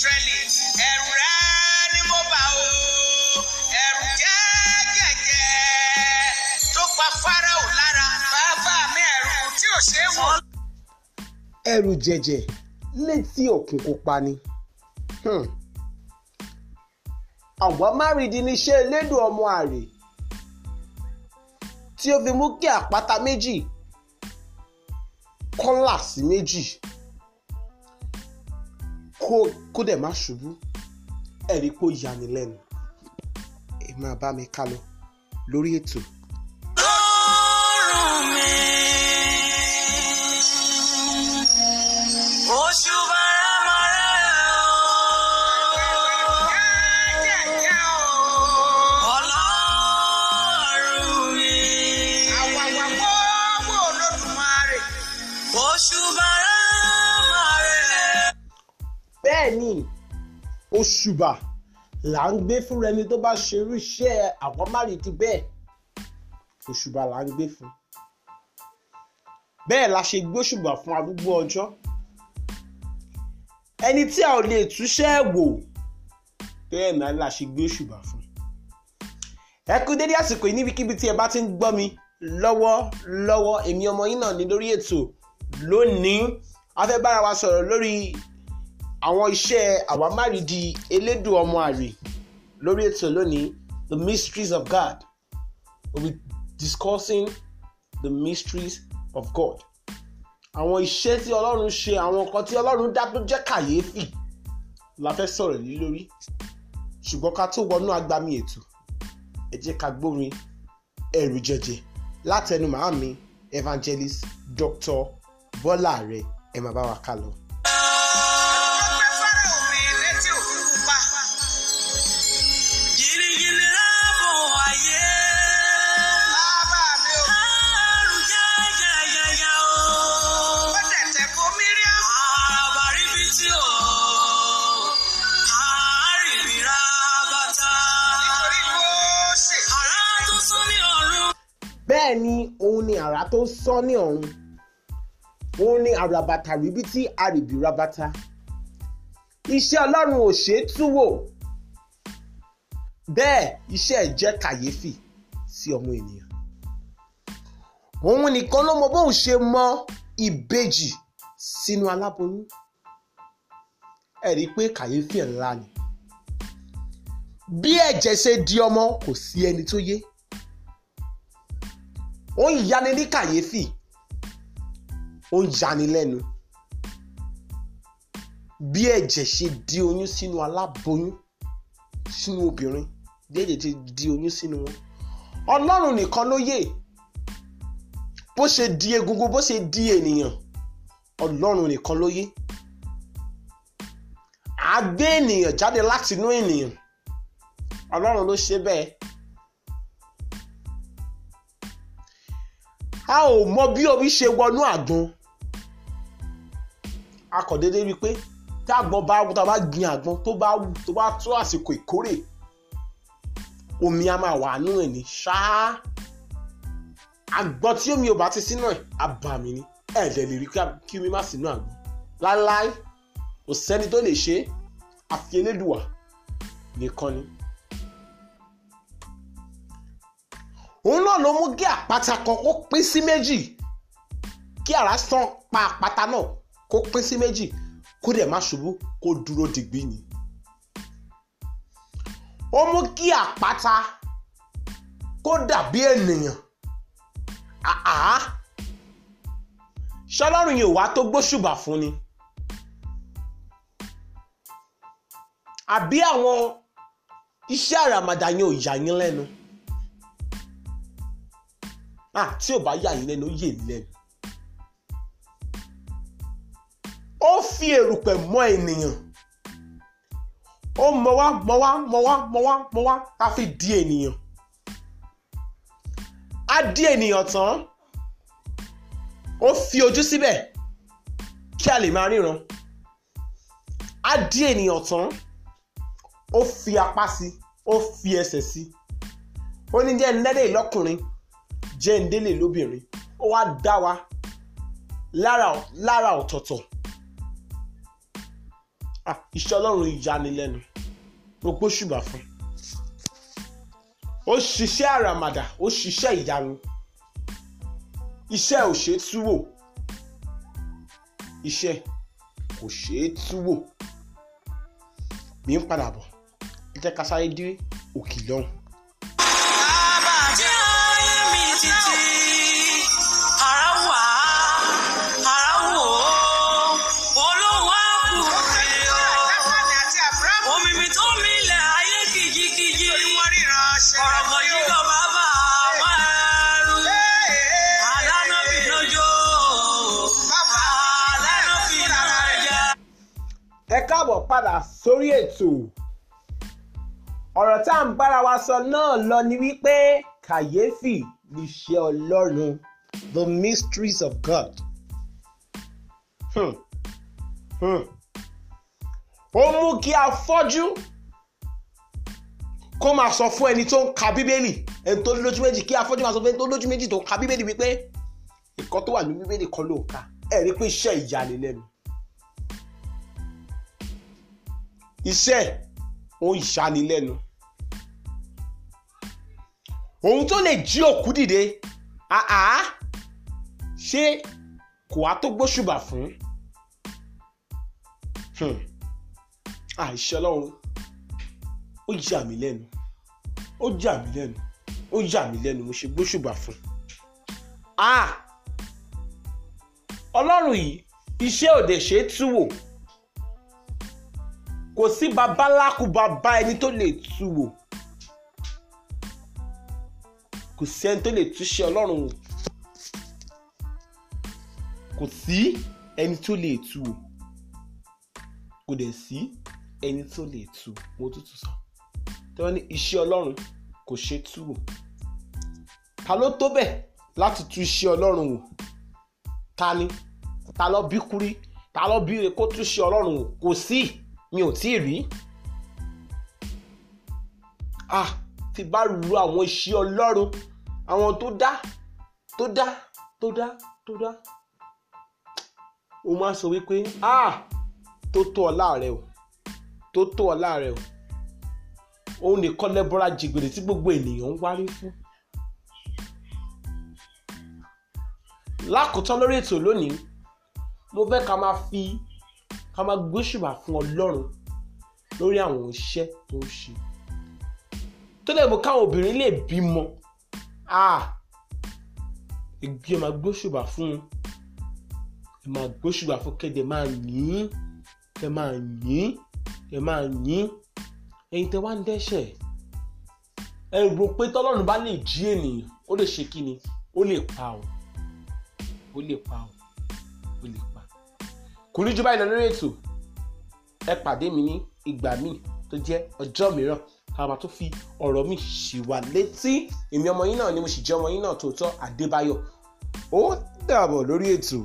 Ísírẹ́lì ẹ̀rù rẹ ni mo bà o ẹ̀rù jẹ́jẹ̀jẹ̀ tó pa Fáráò lára bàbá mi ẹ̀rù tí ò ṣeé wò. ẹ̀rù jẹ̀jẹ̀ létí òkun kò pa ni. Hmm. àwa márìndín ní ṣe elédò ọmọ àrè tí ó fi mú kí àpáta méjì kọ́là sí méjì kó dẹ̀ má ṣubú ẹ̀rí pé ó yanilẹ́nu ẹ máa bá mi kálọ lórí ètò bẹ́ẹ̀ ni òṣùbà là ń gbé fún ẹni tó bá ṣerú iṣẹ́ àwọn márìdí bẹ́ẹ̀ òṣùbà là ń gbé fún bẹ́ẹ̀ la ṣe gbóṣùbà fún arúgbó ọjọ́ ẹni tí a ò lè túṣẹ́ wò bẹ́ẹ̀ náà la ṣe gbóṣùbà fún ẹ kú dédé àsìkò yìí níbikíbi tí ẹ bá ti ń gbọ́ mi lọ́wọ́ lọ́wọ́ èmi ọmọ yín náà ní lórí ètò lónìí a fẹ́ bára wa sọ̀rọ̀ lórí àwọn iṣẹ́ àwámárìdí elédùn ọmọ àrè lórí ètò lónìí the mysteries of God we will be discussing the mysteries of God àwọn iṣẹ́ tí Ọlọ́run ṣe àwọn nǹkan tí Ọlọ́run dá tó jẹ́ kàyéfì la fẹ́ sọ̀rọ̀ lé lórí ṣùgbọ́n ká tó wọnú agbami ètò ẹ jẹ́ ká gbórin ẹ̀rù jẹjẹ látẹnu màámi evangelist Dr. Bọ́lá rẹ̀ ẹ máa bá wa ká lọ. sórí ọ̀run. bẹ́ẹ̀ ni òun ni àrà tó sọ ní ọ̀run òun ni àràbàtà ríbi tí àrìbì rabata iṣẹ́ ọlọ́run ò ṣeé túwò bẹ́ẹ̀ iṣẹ́ ẹ̀ jẹ́ kàyéfì sí ọmọ ènìyàn òun nìkan ló mọ bóun ṣe mọ ìbejì sínú aláboyún ẹ rí i pé kàyéfì ńlá ni bí ẹ̀jẹ̀ ṣe di ọmọ kò sí ẹni tó yé ó ń yani ní kàyéfì ó ń yani lẹ́nu bí ẹ̀jẹ̀ ṣe di oyún sínú aláboyún sínú obìnrin bí ẹ̀jẹ̀ ṣe di oyún sínú wọn ọlọ́run nìkan ló yè bó ṣe di egungun bó ṣe di ènìyàn ọlọ́run nìkan ló yé a gbé ènìyàn jáde láti inú ènìyàn ọlọ́run ló ṣe bẹ́ẹ̀ a ò mọ bí omi ṣe wọnú àgbọn akọ̀dédé rí i pé tí àgbọn bá tá a bá gbin àgbọn tó bá wù tó bá tó àsìkò ìkórè omi a máa wà nínú ẹ̀ ní ṣáá àgbọn tí omi ò bá ti sínú ẹ̀ àbàmì ni ẹ̀ dẹ̀ lè rí kí omi má sínú àgbọn láláì kò sẹ́ni tó lè ṣe é àfi elédùà nìkan ni. òun náà ló mú kí àpáta kan kó pín sí méjì kí àrá sàn pa àpáta náà kó pín sí méjì kó dẹ̀ má ṣubú kó dúró digbí ni. ó mú kí àpáta kó dàbí ènìyàn àá ṣọlọ́run yìí wá tó gbóṣùbà fún ni. àbí àwọn iṣẹ́ àràmàdà yẹn ò yà yín lẹ́nu. No? ah tí ò bá yà yín lẹ́nu ó yè ó fi èrùpẹ̀ mọ́ ènìyàn ó mọ wá mọ wá mọ wá mọ a fi di ènìyàn á di ènìyàn tán ó fi ojú síbẹ̀ kí a lè máa ríran á di ènìyàn tán ó fi apá sí ó fi ẹsẹ̀ sí ó ní jẹ́ ẹni lẹ́dẹ̀ẹ́ Jẹ́ndélé lóbìnrin ó wá dá wa lára ọ̀tọ̀ọ̀tọ̀ ah, iṣẹ́ ọlọ́run ìyanilẹ́nu mo gbóṣùbà fún ó ṣiṣẹ́ àràmàdà ó ṣiṣẹ́ ìyanu iṣẹ́ ò ṣe é túwò iṣẹ́ kò ṣe é túwò mi ń padà bọ̀ ẹ jẹ́ ká sáré dé òkè lọ́hùn. ọ̀rọ̀kọ̀ yìí kò má bà wọ́n ẹrú àlànà bìnújó àlànà bìnújá. ẹ káàbọ̀ padà sórí ètò ọ̀rọ̀ tá à ń bára wa sọ náà lọ ni wípé kàyéfì níṣẹ́ ọlọ́run the mysteries of God. Hmm. Hmm. ó mú kí afọ́jú kó máa sọ fún ẹni tó ń ka bíbélì ẹni tó lójú méjì kí afọ́jú máa sọ fún ẹni tó lójú méjì tó ń ka bíbélì wípé nǹkan tó wà ní bíbélì kan ló ń ka ẹ rí pé iṣẹ́ ìyàlẹ̀ lẹ́nu iṣẹ́ òun ìṣanilẹ́nu òun tó lè jí òkú dìde àá ṣé kò wá tó gbóṣùbà fún hmm. àìṣe ọlọ́run ó yà mí lẹ́nu ó yà mí lẹ́nu ó yà mí lẹ́nu mo ṣe gbóṣùbà fún un. Ah! ọlọ́run yìí iṣẹ́ òde ṣe é tú wò kò sí babalákùbà bá ẹni tó lè tú wò kò sí ẹni tó lè túṣe ọlọ́run wò kò sí ẹni tó lè tú wò kò dẹ̀ sí ẹni tó lè tú mo tútù sọ tí wọ́n ní iṣẹ́ ọlọ́run kò ṣe tú wò ta ló tó bẹ̀ láti tú iṣẹ́ ọlọ́run wò ta ni ta ló bí kúrí ta ló bí kó tú iṣẹ́ ọlọ́run wò kò sí mi ò tí ì rí ah ti bá ru àwọn iṣẹ́ ọlọ́run àwọn tó dá tó dá tó dá tó dá o máa sọ wípé ah tó tó ọlá rẹ o tó tó ọlá rẹ o òun nìkan lẹ́bọ̀rà jìgbèrè tí gbogbo ènìyàn ń wárí fún. lákòótán lórí ètò lónìí mo fẹ́ ká máa fi ká máa gbóṣùbà fún ọlọ́run lórí àwọn iṣẹ́ tó ń ṣe tó dẹ̀ mú káwọn obìnrin lè bímọ ìgbé máa gbóṣùbà fún ẹ máa gbóṣùbà fún kẹ́dẹ̀ máa yìn ẹ máa yìn ẹ máa yìn ẹ̀yin tẹ́ wá ń dẹ́ṣẹ̀ ẹ rò pé tọ́lọ́run bá lè jí ènìyàn ó lè ṣe kí ni ó lè pa ọ́ ó lè pa ọ́ ó lè pa kò ní ju báyìí lọ lórí ètò ẹ pàdé mi ní ìgbà míì tó jẹ́ ọjọ́ mìíràn àwọn tó fi ọ̀rọ̀ mi ṣì wà létí èmi ọmọ yín náà ni mo sì jẹ́ ọmọ yín náà tòótọ́ Adébáyọ̀ ó dàbọ̀ lórí ètò.